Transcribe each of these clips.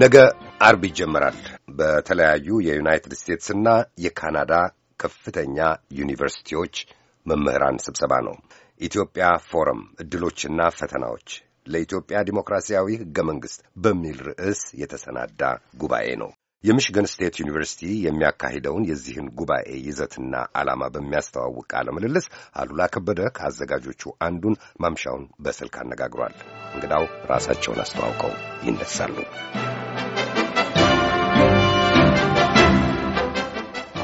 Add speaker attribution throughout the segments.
Speaker 1: ነገ አርብ ይጀመራል። በተለያዩ የዩናይትድ ስቴትስና የካናዳ ከፍተኛ ዩኒቨርሲቲዎች መምህራን ስብሰባ ነው። ኢትዮጵያ ፎረም ዕድሎችና ፈተናዎች ለኢትዮጵያ ዲሞክራሲያዊ ሕገ መንግሥት በሚል ርዕስ የተሰናዳ ጉባኤ ነው። የሚሽገን ስቴት ዩኒቨርሲቲ የሚያካሂደውን የዚህን ጉባኤ ይዘትና ዓላማ በሚያስተዋውቅ ቃለ ምልልስ አሉላ ከበደ ከአዘጋጆቹ አንዱን ማምሻውን በስልክ አነጋግሯል። እንግዳው ራሳቸውን አስተዋውቀው ይነሳሉ።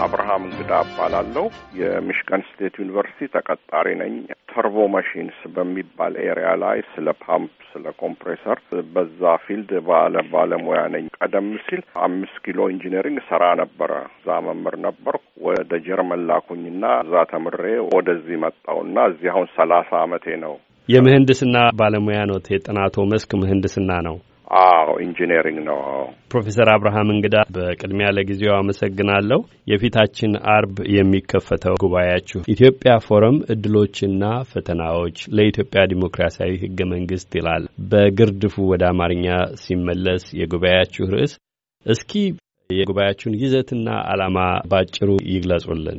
Speaker 2: አብርሃም እንግዳ እባላለሁ። የሚሽጋን ስቴት ዩኒቨርሲቲ ተቀጣሪ ነኝ። ተርቦ መሺንስ በሚባል ኤሪያ ላይ ስለ ፓምፕ፣ ስለ ኮምፕሬሰር በዛ ፊልድ ባለ ባለሙያ ነኝ። ቀደም ሲል አምስት ኪሎ ኢንጂነሪንግ ሰራ ነበረ። እዛ መምህር ነበርኩ። ወደ ጀርመን ላኩኝና እዛ ተምሬ ወደዚህ መጣሁና እዚህ አሁን ሰላሳ አመቴ ነው።
Speaker 1: የምህንድስና ባለሙያ ነው። የጥናቶ መስክ ምህንድስና ነው።
Speaker 2: አዎ ኢንጂነሪንግ
Speaker 1: ነው። አዎ ፕሮፌሰር አብርሃም እንግዳ በቅድሚያ ለጊዜው አመሰግናለሁ። የፊታችን አርብ የሚከፈተው ጉባኤያችሁ ኢትዮጵያ ፎረም እድሎችና ፈተናዎች ለኢትዮጵያ ዲሞክራሲያዊ ህገ መንግስት ይላል በግርድፉ ወደ አማርኛ ሲመለስ የጉባኤያችሁ ርዕስ። እስኪ የጉባኤያችሁን ይዘትና ዓላማ ባጭሩ ይግለጹልን።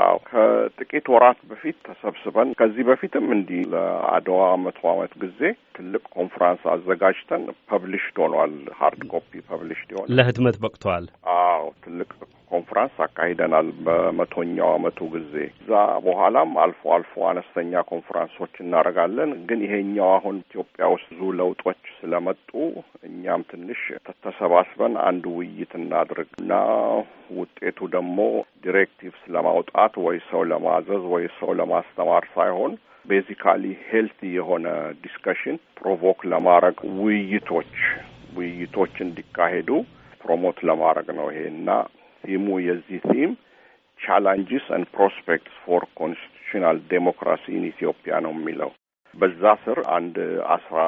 Speaker 2: አዎ ከጥቂት ወራት በፊት ተሰብስበን ከዚህ በፊትም እንዲህ ለአድዋ መቶ ዓመት ጊዜ ትልቅ ኮንፍራንስ አዘጋጅተን ፐብሊሽድ ሆኗል። ሀርድ ኮፒ ፐብሊሽድ ይሆናል፣
Speaker 1: ለህትመት በቅቷል።
Speaker 2: አዎ ትልቅ ኮንፍራንስ አካሂደናል በመቶኛው አመቱ ጊዜ። እዛ በኋላም አልፎ አልፎ አነስተኛ ኮንፍራንሶች እናደርጋለን። ግን ይሄኛው አሁን ኢትዮጵያ ውስጥ ብዙ ለውጦች ስለመጡ እኛም ትንሽ ተሰባስበን አንድ ውይይት እናድርግ እና ውጤቱ ደግሞ ዲሬክቲቭስ ለማውጣት ወይ ሰው ለማዘዝ ወይ ሰው ለማስተማር ሳይሆን ቤዚካሊ ሄልቲ የሆነ ዲስከሽን ፕሮቮክ ለማድረግ ውይይቶች ውይይቶች እንዲካሄዱ ፕሮሞት ለማድረግ ነው እና ቲሙ የዚህ ቲም ቻላንጅስ አንድ ፕሮስፔክትስ ፎር ኮንስቲቱሽናል ዴሞክራሲ ኢን ኢትዮጵያ ነው የሚለው። በዛ ስር አንድ አስራ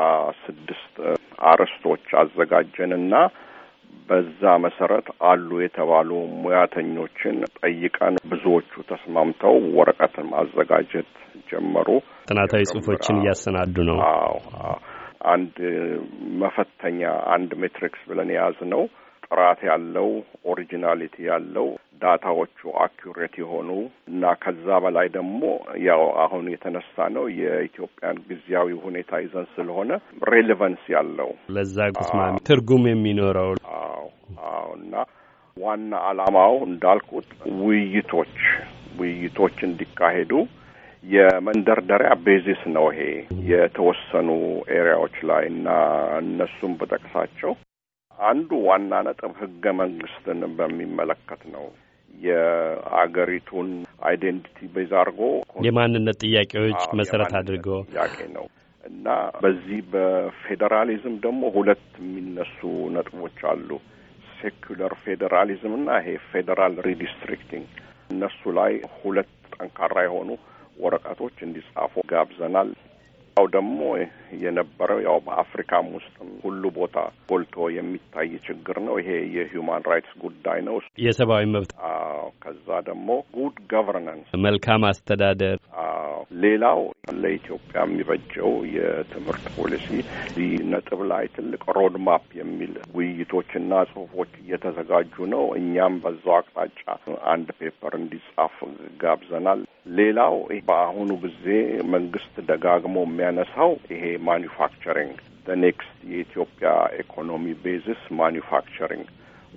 Speaker 2: ስድስት አርዕስቶች አዘጋጀንና በዛ መሰረት አሉ የተባሉ ሙያተኞችን ጠይቀን ብዙዎቹ ተስማምተው ወረቀት ማዘጋጀት ጀመሩ።
Speaker 1: ጥናታዊ ጽሁፎችን እያሰናዱ ነው።
Speaker 2: አዎ አንድ መፈተኛ አንድ ሜትሪክስ ብለን የያዝ ነው ጥራት ያለው ኦሪጂናሊቲ ያለው ዳታዎቹ አኪሬት የሆኑ እና ከዛ በላይ ደግሞ ያው አሁን የተነሳ ነው የኢትዮጵያን ጊዜያዊ ሁኔታ ይዘን ስለሆነ ሬሌቨንስ ያለው
Speaker 1: ለዛ ተስማሚ ትርጉም
Speaker 2: የሚኖረው አዎ አዎ እና ዋና አላማው እንዳልኩት ውይይቶች ውይይቶች እንዲካሄዱ የመንደርደሪያ ቤዚስ ነው ይሄ የተወሰኑ ኤሪያዎች ላይ እና እነሱም በጠቅሳቸው አንዱ ዋና ነጥብ ህገ መንግስትን በሚመለከት ነው። የአገሪቱን አይዴንቲቲ ቤዝ አድርጎ
Speaker 1: የማንነት ጥያቄዎች መሰረት አድርጎ
Speaker 2: ጥያቄ ነው እና በዚህ በፌዴራሊዝም ደግሞ ሁለት የሚነሱ ነጥቦች አሉ። ሴኩለር ፌዴራሊዝም እና ይሄ ፌዴራል ሪዲስትሪክቲንግ እነሱ ላይ ሁለት ጠንካራ የሆኑ ወረቀቶች እንዲጻፉ ጋብዘናል። ያው ደግሞ የነበረው ያው በአፍሪካም ውስጥም ሁሉ ቦታ ጎልቶ የሚታይ ችግር ነው። ይሄ የሂዩማን ራይትስ ጉዳይ ነው፣
Speaker 1: የሰብአዊ መብት።
Speaker 2: አዎ። ከዛ ደግሞ ጉድ ገቨርናንስ፣
Speaker 1: መልካም አስተዳደር።
Speaker 2: አዎ። ሌላው ለኢትዮጵያ የሚበጀው የትምህርት ፖሊሲ ነጥብ ላይ ትልቅ ሮድማፕ የሚል ውይይቶችና ጽሁፎች እየተዘጋጁ ነው። እኛም በዛው አቅጣጫ አንድ ፔፐር እንዲጻፍ ጋብዘናል። ሌላው በአሁኑ ጊዜ መንግስት ደጋግሞ የሚያነሳው ይሄ ማኒፋክቸሪንግ ኔክስት የኢትዮጵያ ኢኮኖሚ ቤዝስ ማኒፋክቸሪንግ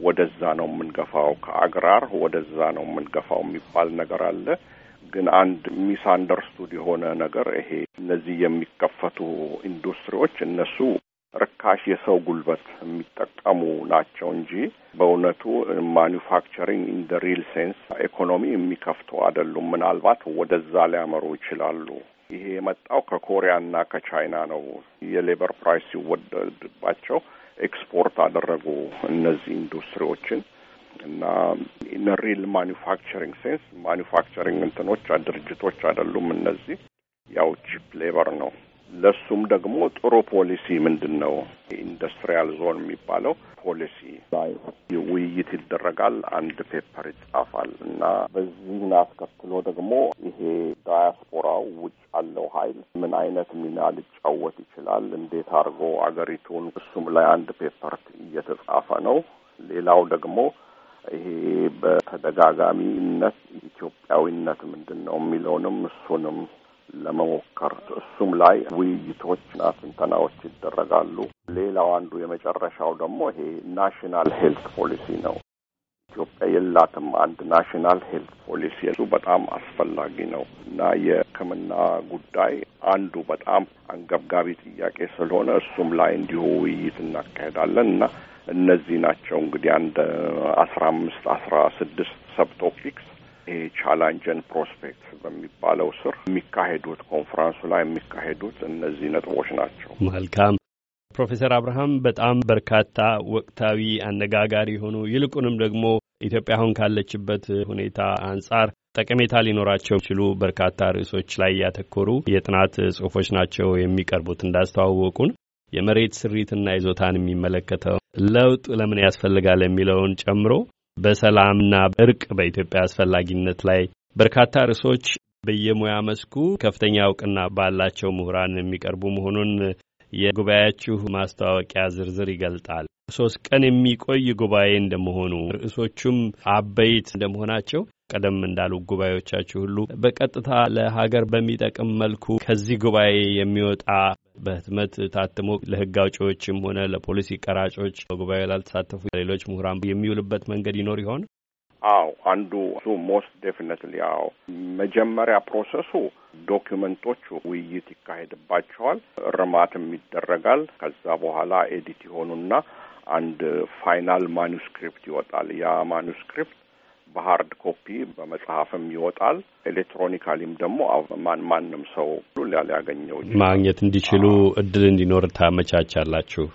Speaker 2: ወደዛ ነው የምንገፋው፣ ከአግራር ወደዛ ነው የምንገፋው የሚባል ነገር አለ። ግን አንድ ሚስ አንደርስቱድ የሆነ ነገር ይሄ እነዚህ የሚከፈቱ ኢንዱስትሪዎች እነሱ ርካሽ የሰው ጉልበት የሚጠቀሙ ናቸው እንጂ በእውነቱ ማኒፋክቸሪንግ ኢን ደ ሪል ሴንስ ኢኮኖሚ የሚከፍቱ አይደሉም። ምናልባት ወደዛ ሊያመሩ ይችላሉ። ይሄ የመጣው ከኮሪያና ከቻይና ነው። የሌበር ፕራይስ ሲወደድባቸው ኤክስፖርት አደረጉ እነዚህ ኢንዱስትሪዎችን እና ሪል ማኒፋክቸሪንግ ሴንስ ማኒፋክቸሪንግ እንትኖች ድርጅቶች አይደሉም እነዚህ ያው ቺፕ ሌበር ነው ለሱም ደግሞ ጥሩ ፖሊሲ ምንድን ነው ኢንዱስትሪያል ዞን የሚባለው ፖሊሲ ላይ ውይይት ይደረጋል። አንድ ፔፐር ይጻፋል እና በዚህን አስከትሎ ደግሞ ይሄ ዳያስፖራው ውጭ ያለው ሀይል ምን አይነት ሚና ሊጫወት ይችላል፣ እንዴት አድርጎ አገሪቱን እሱም ላይ አንድ ፔፐር እየተጻፈ ነው። ሌላው ደግሞ ይሄ በተደጋጋሚነት ኢትዮጵያዊነት ምንድን ነው የሚለውንም እሱንም ለመሞከር እሱም ላይ ውይይቶችና ትንተናዎች ይደረጋሉ። ሌላው አንዱ የመጨረሻው ደግሞ ይሄ ናሽናል ሄልት ፖሊሲ ነው። ኢትዮጵያ የላትም አንድ ናሽናል ሄልት ፖሊሲ። እሱ በጣም አስፈላጊ ነው እና የሕክምና ጉዳይ አንዱ በጣም አንገብጋቢ ጥያቄ ስለሆነ እሱም ላይ እንዲሁ ውይይት እናካሄዳለን እና እነዚህ ናቸው እንግዲህ አንድ አስራ አምስት አስራ ስድስት ሰብቶች ቻላንጅን ፕሮስፔክት በሚባለው ስር የሚካሄዱት ኮንፍራንሱ ላይ የሚካሄዱት እነዚህ ነጥቦች ናቸው። መልካም
Speaker 1: ፕሮፌሰር አብርሃም በጣም በርካታ ወቅታዊ አነጋጋሪ የሆኑ ይልቁንም ደግሞ ኢትዮጵያ አሁን ካለችበት ሁኔታ አንጻር ጠቀሜታ ሊኖራቸው ችሉ በርካታ ርዕሶች ላይ ያተኮሩ የጥናት ጽሁፎች ናቸው የሚቀርቡት። እንዳስተዋወቁን የመሬት ስሪትና ይዞታን የሚመለከተው ለውጥ ለምን ያስፈልጋል የሚለውን ጨምሮ በሰላምና እርቅ በኢትዮጵያ አስፈላጊነት ላይ በርካታ ርዕሶች በየሙያ መስኩ ከፍተኛ እውቅና ባላቸው ምሁራን የሚቀርቡ መሆኑን የጉባኤያችሁ ማስታወቂያ ዝርዝር ይገልጣል። ሶስት ቀን የሚቆይ ጉባኤ እንደመሆኑ ርዕሶቹም አበይት እንደመሆናቸው ቀደም እንዳሉ ጉባኤዎቻችሁ ሁሉ በቀጥታ ለሀገር በሚጠቅም መልኩ ከዚህ ጉባኤ የሚወጣ በህትመት ታትሞ ለህግ አውጪዎችም ሆነ ለፖሊሲ ቀራጮች በጉባኤ ላልተሳተፉ ሌሎች ምሁራን የሚውልበት መንገድ ይኖር ይሆን?
Speaker 2: አዎ፣ አንዱ እሱ ሞስት ዴፊኒትሊ አዎ፣ መጀመሪያ ፕሮሰሱ ዶኪመንቶቹ ውይይት ይካሄድባቸዋል፣ እርማትም ይደረጋል። ከዛ በኋላ ኤዲት የሆኑና አንድ ፋይናል ማኑስክሪፕት ይወጣል። ያ ማኑስክሪፕት በሀርድ ኮፒ በመጽሐፍም ይወጣል። ኤሌክትሮኒካሊም ደግሞ ማን ማንም ሰው ሊያገኘው
Speaker 1: ማግኘት እንዲችሉ እድል እንዲኖር ታመቻቻላችሁ።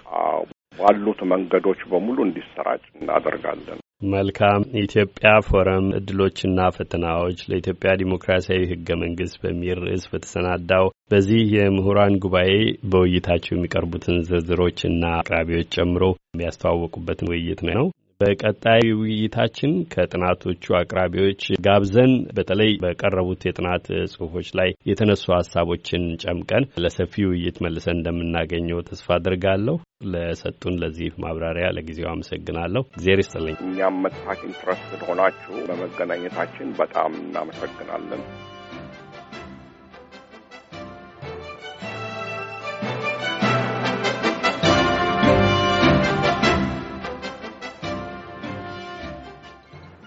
Speaker 2: ባሉት መንገዶች በሙሉ እንዲሰራጭ እናደርጋለን።
Speaker 1: መልካም የኢትዮጵያ ፎረም እድሎችና ፈተናዎች ለኢትዮጵያ ዲሞክራሲያዊ ህገ መንግስት በሚል ርዕስ በተሰናዳው በዚህ የምሁራን ጉባኤ በውይይታቸው የሚቀርቡትን ዝርዝሮችና አቅራቢዎች ጨምሮ የሚያስተዋወቁበትን ውይይት ነው። በቀጣይ ውይይታችን ከጥናቶቹ አቅራቢዎች ጋብዘን በተለይ በቀረቡት የጥናት ጽሁፎች ላይ የተነሱ ሀሳቦችን ጨምቀን ለሰፊ ውይይት መልሰን እንደምናገኘው ተስፋ አድርጋለሁ። ለሰጡን ለዚህ ማብራሪያ
Speaker 2: ለጊዜው አመሰግናለሁ። እግዜር ይስጥልኝ። እኛም መጽሐፍ ኢንትረስት ሆናችሁ በመገናኘታችን በጣም እናመሰግናለን።